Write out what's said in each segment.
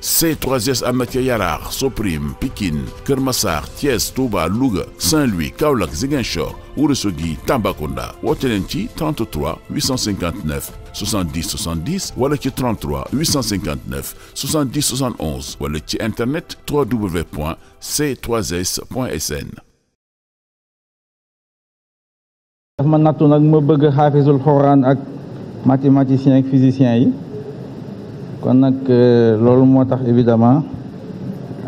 C3S am na ca Yaraax Soprim Pikine Kër Massar Thiès Touba Louga Saint-Louis Kaolack Ziguinchor Ourossogui Tambacounda woote leen ci 33 859 70 70 wala ci 33 859 70 71 wala ci internet www.c3s.sn. daf ma nattu nag ma bëgg xaafisul xoraan ak mathématicien ak physicien yi. kon nag euh, loolu moo tax évidemment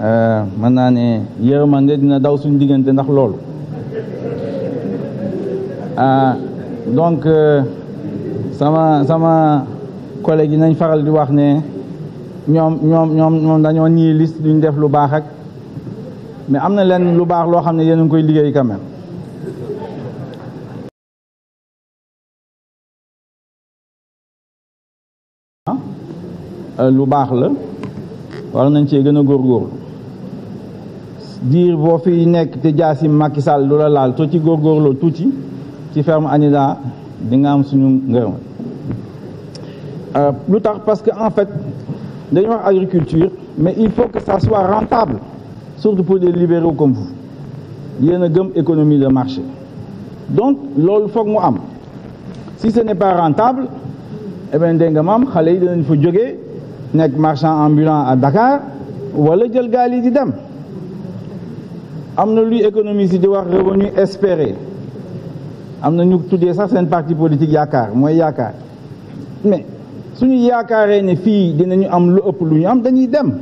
euh, mën naa ne yërmande dina daw suñ diggante ndax loolu ah, donc euh, sama sama collègue yi nañ faral di wax ne ñoom ñoom ñoom ñoom dañoo nii liste duñ def lu baax ak mais am na leen lu baax loo xam ne yéen a ngi koy liggéey quand Euh, lu baax la war nañ cee gën a góorgóorlu diir boo fi nekk te jaasi Macky Sall du la laal to ci góorgóorloo tuuti ci ferme Anida di nga am suñu ngërëm euh, lu tax parce que en fait dañuy wax agriculture mais il faut que ça soit rentable surtout pour des libéraux comme vous yéen a gëm économie de marché donc loolu foog mu am si ce n'est pas rentable eh bien nga mam xale yi dinañ fa jógee nekk marchand ambulant à Dakar wala jël gaal yi di dem am na luy économiste di wax revenu espéré am na ñu tuddee sax seen parti politique yaakaar mooy yaakaar mais suñu yaakaaree ne fii dinañu am lu ëpp lu ñu am dañuy dem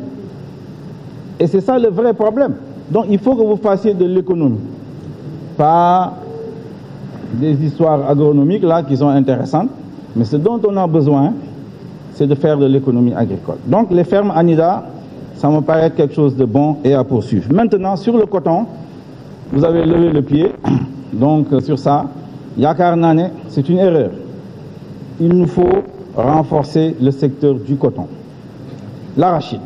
et c'est ça le vrai problème donc il faut que vous fassiez de l'économie pas des histoires agronomiques là qui sont intéressantes mais ce dont on a besoin c'est de faire de l'économie agricole. Donc les fermes ANIDA, ça me paraît quelque chose de bon et à poursuivre. Maintenant, sur le coton, vous avez levé le pied, donc euh, sur ça, Yakar Nane, c'est une erreur. Il nous faut renforcer le secteur du coton. L'arachide.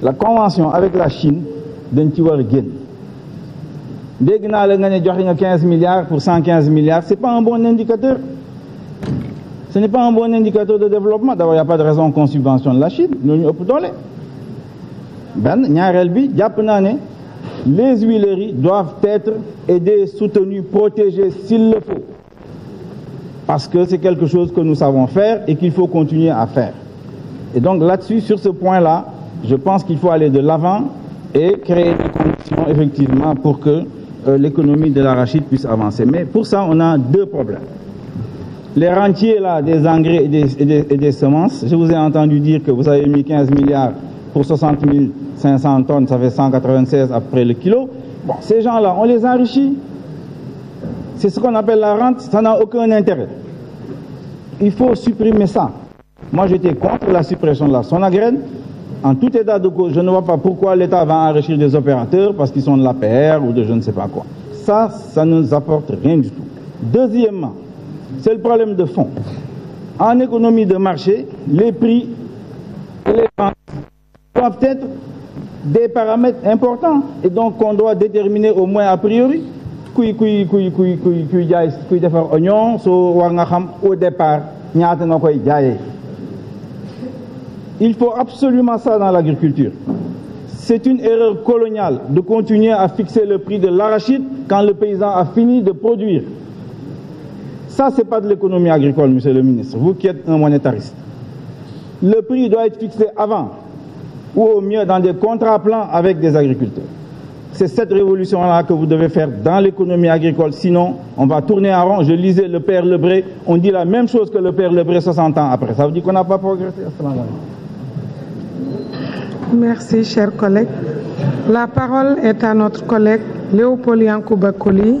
La convention avec la Chine dañ ci war a génn dégg naa la nga ne joxe milliards pour 115 milliards c'est pas un bon indicateur. ce n'est pas un bon indicateur de développement d'abord il n'y a pas de raison qu'on subventionne la Chine ñooñu ëpp doole benn ñaareel bi jàpp naa ne les huileries doivent être aidées soutenues protégées s'il le faut parce que c'est quelque chose que nous savons faire et qu'il faut continuer à faire et donc là-dessus sur ce point-là je pense qu'il faut aller de l'avant et créer des conditions effectivement pour que euh, l'économie de l'arachide puisse avancer mais pour ça on a deux Les rentiers là, des engrais et des, et des, et des semences, je vous ai entendu dire que vous avez mis 15 milliards pour 60 500 tonnes, kilo. Bon, ces les enrichit. C'est ce qu'on appelle la rente, ça n'a Il faut supprimer ça. Moi, la suppression de la sonagraine. En tout état de cause, je ne vois pas pourquoi parce qu'ils sont de l'APR ou de je ne sais pas c'est le problème de fond. En économie de marché, les prix et les ventes doivent être des paramètres importants et donc qu'on doit déterminer au moins a priori kuy kuy kuy kuy kuy kuy jaay kuy defar oignon soo war nga xam au départ ñaata nga koy jaayee il faut absolument ça dans l'agriculture c'est une erreur coloniale de continuer à fixer le prix de l'arachide quand le paysan a fini de produire Ça, ce n'est pas de l'économie agricole, monsieur le ministre, vous qui êtes un monétariste. Le prix doit être fixé avant, ou au mieux dans des contrats plans avec des agriculteurs. C'est cette révolution-là que vous devez faire dans l'économie agricole, sinon on va tourner en rond. Je lisais le père Lebré, on dit la même chose que le père Lebré ans après. Ça veut n'a pas progressé à ce moment-là. Merci, chers collègues. La parole est à notre collègue Léopold Yankoubakoli.